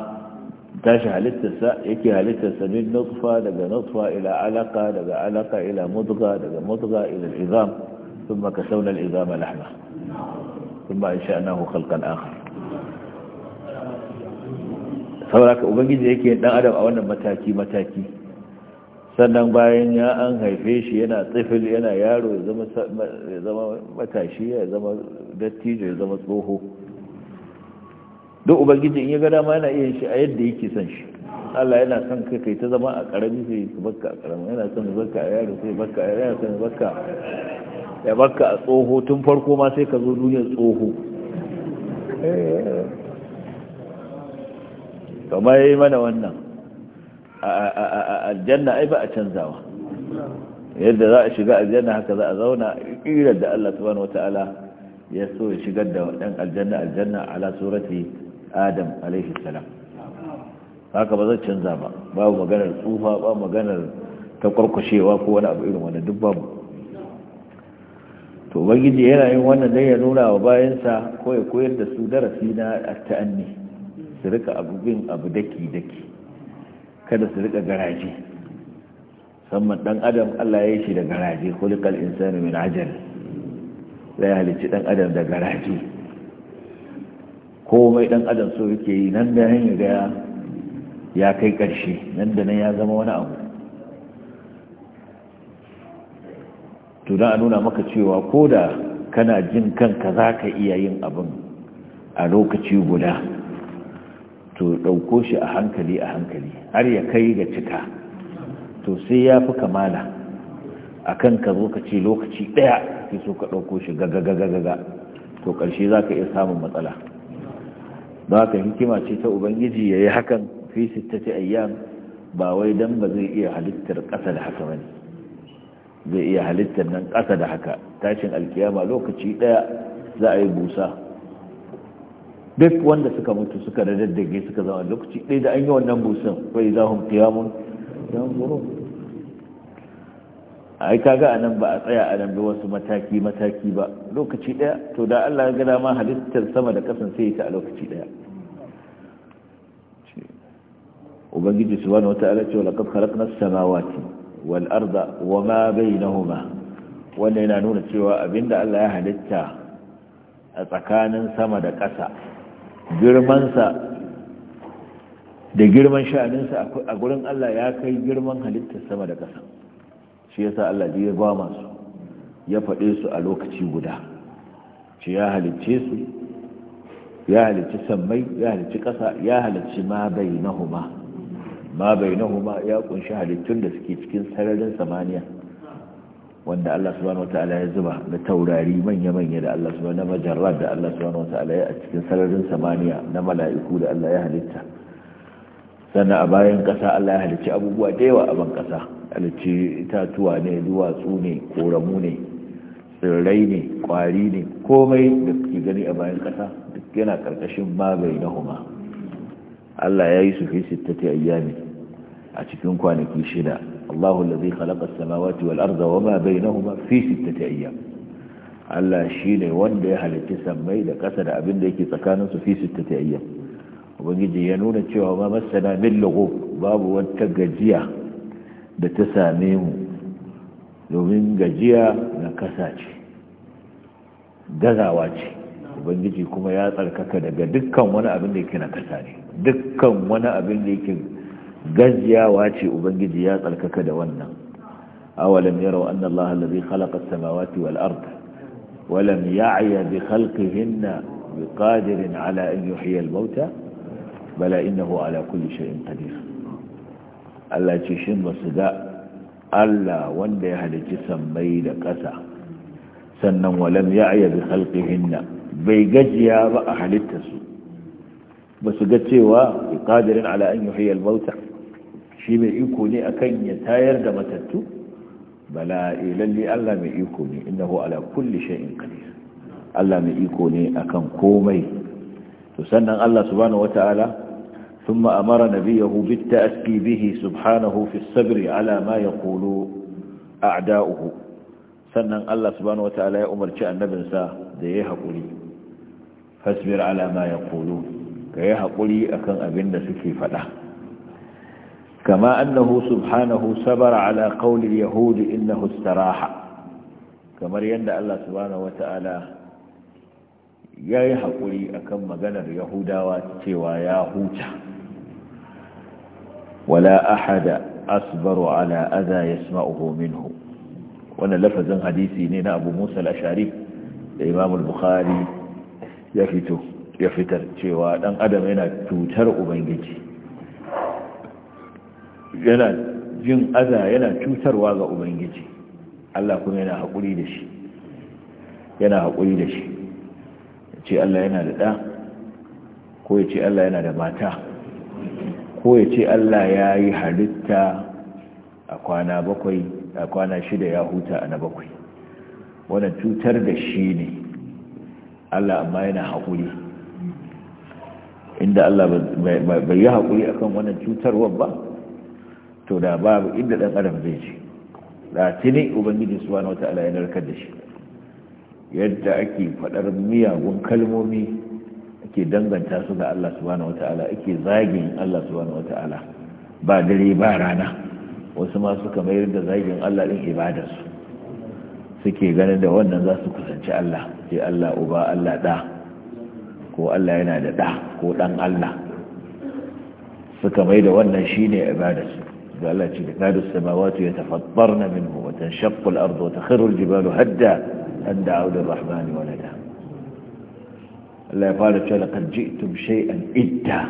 tashi halittarsa yake halittarsa min nutfa daga nutfa ila alaka daga alaka ila mudga daga mudga ila izam sun ثم كسونا العظام لحمه sun ba shi sha khalqan akhar saboda ka ubangiji yake dan adam a wannan mataki mataki sannan bayan ya an haife shi yana tsifil yana yaro ya zama matashi ya zama dattijo ya zama tsoho duk ubangiji in ya ga dama yana iya shi a yadda yake son shi Allah yana son ka kai ta zama a karami sai ka bakka a karami yana son bakka a yaro sai bakka a yaro sai bakka ya baka a tsoho tun farko ma sai ka zo duniyar tsoho kamar yi mana wannan a aljanna ai ba a canzawa yadda za a shiga aljanna haka za a zauna irin da Allah subhanahu wata'ala ya so ya shigar da ɗan aljanna aljanna ala surati adam alaihi salam haka ba zai canza ba babu maganar tsufa ba maganar ta kwarkwashewa ko wani abu irin wani duk babu to bagiji yana yin wannan dai ya nuna wa bayansa ko ya koyar da su darasi na ta'anni su rika abubin abu daki daki kada su rika garaje samman dan adam Allah ya yi shi da garaje khuliqal insanu min ajal ya dan adam da garaje komai dan adam so yake yi nan da hanyar ya kai karshe nan da nan ya zama wani abu to don a nuna maka cewa ko da kana jin kanka za ka iya yin abin a lokaci guda to ɗauko shi a hankali a hankali har ya kai ga cika to sai ya fi kamala a kan ka zo ka ce lokaci ɗaya ke so ka ɗauko shi gagagagaga to ƙarshe za ka iya samun matsala ba ka hikima ce ta ubangiji ya yi hakan fi sittati ayyan ba wai dan ba zai iya halittar ƙasa da haka bane zai iya halittar nan ƙasa da haka tashin alkiyama lokaci ɗaya za a yi busa duk wanda suka mutu suka radaddage suka zama lokaci ɗaya da an yi wannan busan bai za hun kiyamun yan buru a yi kaga a nan ba a tsaya a nan wasu mataki-mataki ba lokaci ɗaya to da allah ya gada ma halittar sama da ƙasan sai ta a lokaci ɗaya ubangiji su wani wata alaƙi wa laƙaf khalaqna na samawati bai na بينهما wanda yana nuna cewa abinda Allah ya halitta a tsakanin sama da ƙasa girmansa da girman sha'aninsa a gurin Allah ya kai girman halittar sama da ƙasa shi yasa Allah ya ba masu ya faɗe su a lokaci guda ce ya halicce su ya halicci sammai ya halicci ƙasa ya halicci ma bai na huma ma huma ya kunshi halittun da suke cikin sararin samaniya wanda Allah subhanahu wataala ya zuba na taurari manya-manya da Allah subhanahu na majarrad da Allah subhanahu wataala ya a cikin sararin samaniya na mala'iku da Allah ya halitta sannan a bayan kasa Allah ya halicci abubuwa da yawa a ban kasa halicci itatuwa ne duwatsu ne koramu ne tsirrai ne kwari ne komai da ke gani a bayan kasa duk yana karkashin ma bai huma Allah ya yi su fi sittati ayyami a cikin kwanaki shida Allahu allazi khalaqa as-samawati wal arda wama bainahuma fi sittati ayyam Allah shine wanda ya halitta sammai da ƙasa da abin da yake tsakanin su fi sittati ayyam ubangiji ya nuna cewa ma masana min lughub babu wata gajiya da ta same mu domin gajiya na kasa ce gazawa ce ubangiji kuma ya tsarkaka daga dukkan wani abin da yake na kasa ne dukkan wani abin da yake gajiyawa ce ubangiji ya tsarkaka da wannan awalam yarau anna allaha allazi khalaqa as-samawati wal ard wa lam ya'ya bi khalqihinna biqadirin ala an yuhyiya al-mauta bala ina innahu ala kulli shay'in qadir Allah ce shi basu ga Allah wanda ya halicci sammai da ƙasa sannan walam ya ya'ya bi khalqihinna bai gajiya ba a halittarsu ba su ga cewa qadirin ala an yuhyiya al-mauta shi mai iko ne akan ya tayar da matattu bala lalle Allah mai iko ne innahu ala kulli shay'in qadir Allah mai iko ne akan komai to sannan Allah subhanahu wataala ثم أمر نبيه بالتأسكي به سبحانه في الصبر على ما يقول أعداؤه سنن الله سبحانه وتعالى يأمر شأن نبنسا ديها قولي فاسبر على ما يقولون كيها قولي abin da suke فلا كما أنه سبحانه سبر على قول اليهود إنه استراح كما يند الله سبحانه وتعالى يا حقولي أكم مغنى اليهود واتوا ياهوتا ولا أحد أصبر على أذى يسمعه منه وانا لفظا حديثي نينا أبو موسى الأشعري الإمام البخاري يفتر يفتر تيوا أن أدم هنا توتر أبنجي yana jin aza yana cutarwa ga ubangiji Allah kuma yana haƙuri da shi yana haƙuri da shi ce Allah yana da ɗa ko ya ce Allah yana da mata ko ya ce Allah ya yi halitta a kwana bakwai a kwana shida ya huta a na bakwai wadda cutar da shi ne Allah amma yana haƙuri inda Allah bai yi haƙuri akan wannan cutarwar ba to da babu inda dan adam zai ce da tuni ubangiji subhanahu wataala ya narkar da shi yadda ake fadar miyagun kalmomi ake danganta su ga Allah subhanahu wataala ake zagin Allah subhanahu wataala ba dare ba rana wasu ma suka mayar da zagin Allah din ibadarsu suke ganin da wannan za su kusanci Allah sai Allah uba Allah da ko Allah yana da da ko dan Allah suka mai da wannan shine ibadarsu قال جبال السماوات يتفطرن منه وتنشق الأرض وتخر الجبال هدا أن دعوا للرحمن ولدا الله قال لقد جئتم شيئا إدا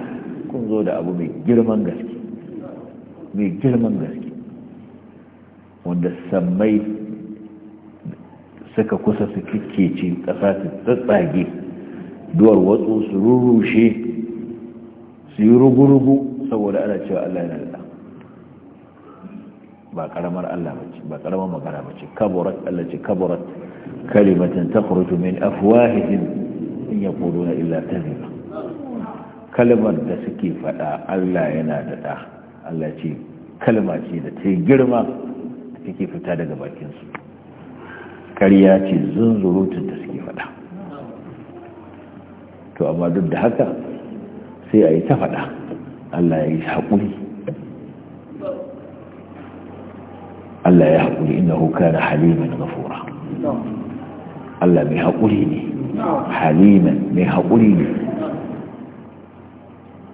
كن ذو لأبو ميت جرمان قسكي ميت جرمان قسكي وند السميت سكا كسا سكيكي تي تفات التطاقي دور وطو سروروشي سيرو برغو سوى لألا شاء الله لألا ba karamar Allah bace ba karamar magana bace kaburat Allah ce kaburat kalimatan takhruju min afwahihim in yaquluna illa kadhiba kalmar da suke fada Allah yana da da Allah ce kalma ce da ta girma take fita daga bakin su ƙarya ce zunzurutun da suke fada to amma duk da haka sai a yi ta fada Allah ya yi haƙuri Allah ya haƙuri innahu kana haliman ghafura Allah mai haƙuri ne haliman mai haƙuri ne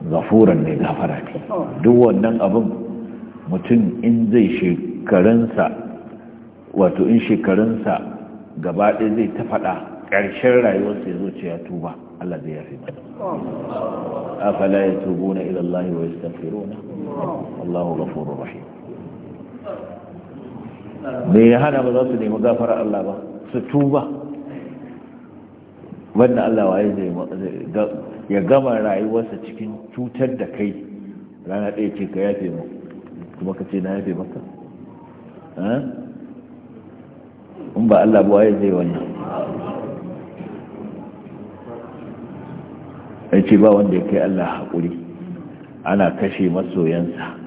gafuran ne gafara ne duk wannan abin mutum in zai shekarunsa wato in shekarunsa gabaɗe zai ta faɗa ƙarshen rayuwarsa ya zo ya tuba Allah zai yafi mana afala ya tubu na ilallahi wa yastaghfiruna Allahu ghafurur rahim me ya hana ba za su nemi gafara Allah ba su tuba wanda Allah waye zai ya gama rayuwarsa cikin cutar da kai rana ɗaya ce ka yafe mu kuma ka ce na yafe maka in ba Allah ba waye zai wannan ya ce ba wanda ya kai Allah haƙuri ana kashe masoyansa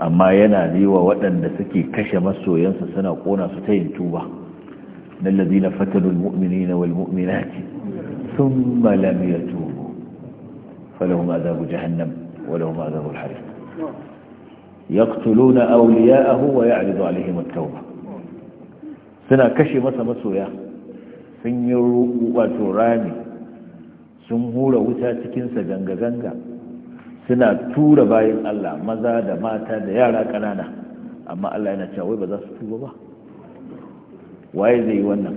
amma yana wa waɗanda suke kashe masoyansa suna kona su ta yin tuba na lazina fatalul mu'mini na walmu'minati sun malami ya tubo falahun azabu jahannam walahun azabu alhari yaktuluna auliya'ahu wa ya alaihim alihimar tauba suna kashe masa masoya sun yi wato rami sun hura wuta cikinsa ganga-ganga suna tura bayan Allah maza da mata da yara ƙanana amma Allah yana cewa wai ba za su tuba ba waye zai yi wannan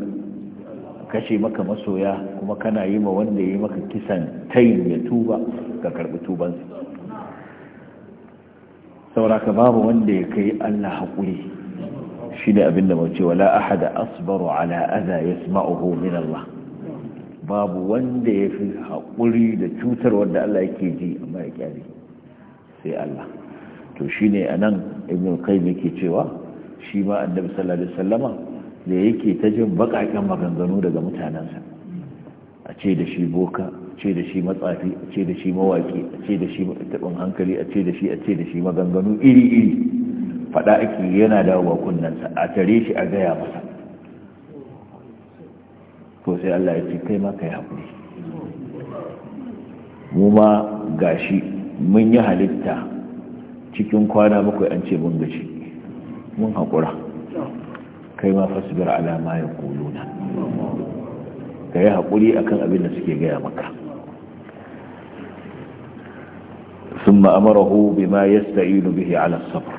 kashe maka masoya kuma kana yi ma wanda ya yi maka kisan tayin ya tuba ka karbi tubansa sauraka babu wanda ya kai Allah haƙuri shi ne abinda mace wala ahada asbaru ala adha yasma'uhu min Allah babu wanda ya fi haƙuri da cutar wanda Allah yake ji amma ya kyari sai Allah to shi ne a nan ibn qayyim yake cewa shi ma annabi sallallahu alaihi wasallama da yake ta jin baƙaƙen maganganu daga mutanensa a ce da shi boka a ce da shi matsafi a ce da shi mawaƙi a ce da shi taɓin hankali a ce da shi a ce da shi maganganu iri-iri faɗa ake yana dawowa kunnensa a tare shi a gaya masa to sai Allah ya ce kai ma kai haƙuri mu ma gashi mun yi halitta cikin kwana bakwai an ce mun gashi mun haƙura kai ma fasbir alama ya na, ka yi haƙuri akan abin da suke gaya maka ثم hubi ma يستعين bihi ala الصبر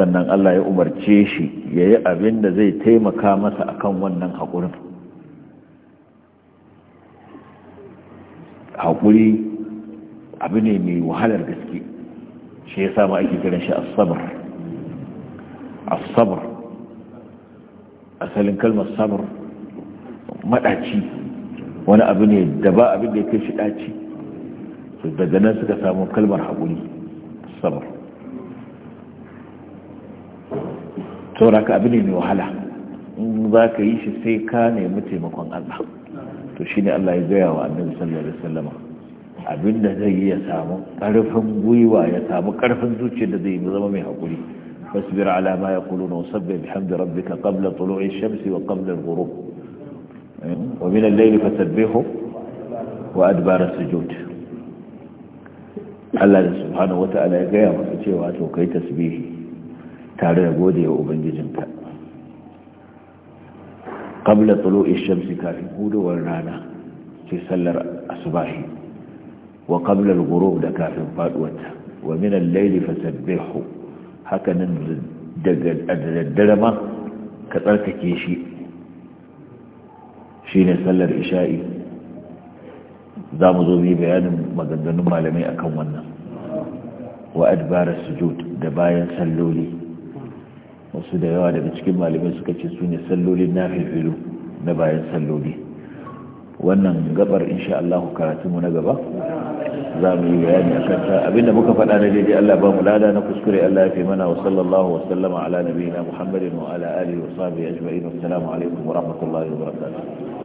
sannan Allah ya umarce shi ya yi abin da zai taimaka masa akan wannan hakurin. haƙuri abu ne mai wahalar gaske shi ya samu ake ganin shi asabar asabar asalin kalmar sabar maɗaci wani abu ne da ba abin da ya kai shi ɗaci daga nan suka samu kalmar haƙuri sabar sauraka abu ne mai wahala in za ka yi shi sai ka nemi taimakon allah to shine Allah ya gaya wa annabi sallallahu alaihi wasallama abinda zai ya samu karfin gwiwa ya samu karfin zuciya da zai zama mai hakuri fasbir ala ma yaquluna wasabbih bihamdi rabbika qabla tulu'i ash-shamsi wa qabla al-ghurub wa min al-layli fasabbihu wa adbar as-sujud Allah subhanahu wa ta'ala ya gaya masa cewa to kai tasbihi tare da godiya ubangijinka qabla tulu'i shamsi kafin hudowar rana sai sallar asubahi wa qabla da kafin faduwarta wa min na layli fasabbihu hakanan daga daddare ma ka tsarkake shi shine sallar isha'i za mu zo yi bayanin maganganun malamai akan wannan wa adbar sujud da bayan salloli wasu da yawa daga cikin malamai suka ce su ne sallolin na filfilu na bayan salloli wannan gabar insha Allah karatunmu na gaba za mu yi bayani a kanta abinda muka faɗa na daidai Allah ba mu lada na kuskure Allah ya fi mana wa sallallahu wa sallama ala nabiyina Muhammadin wa ala alihi wa sahbihi ajma'in assalamu alaikum wa rahmatullahi wa barakatuh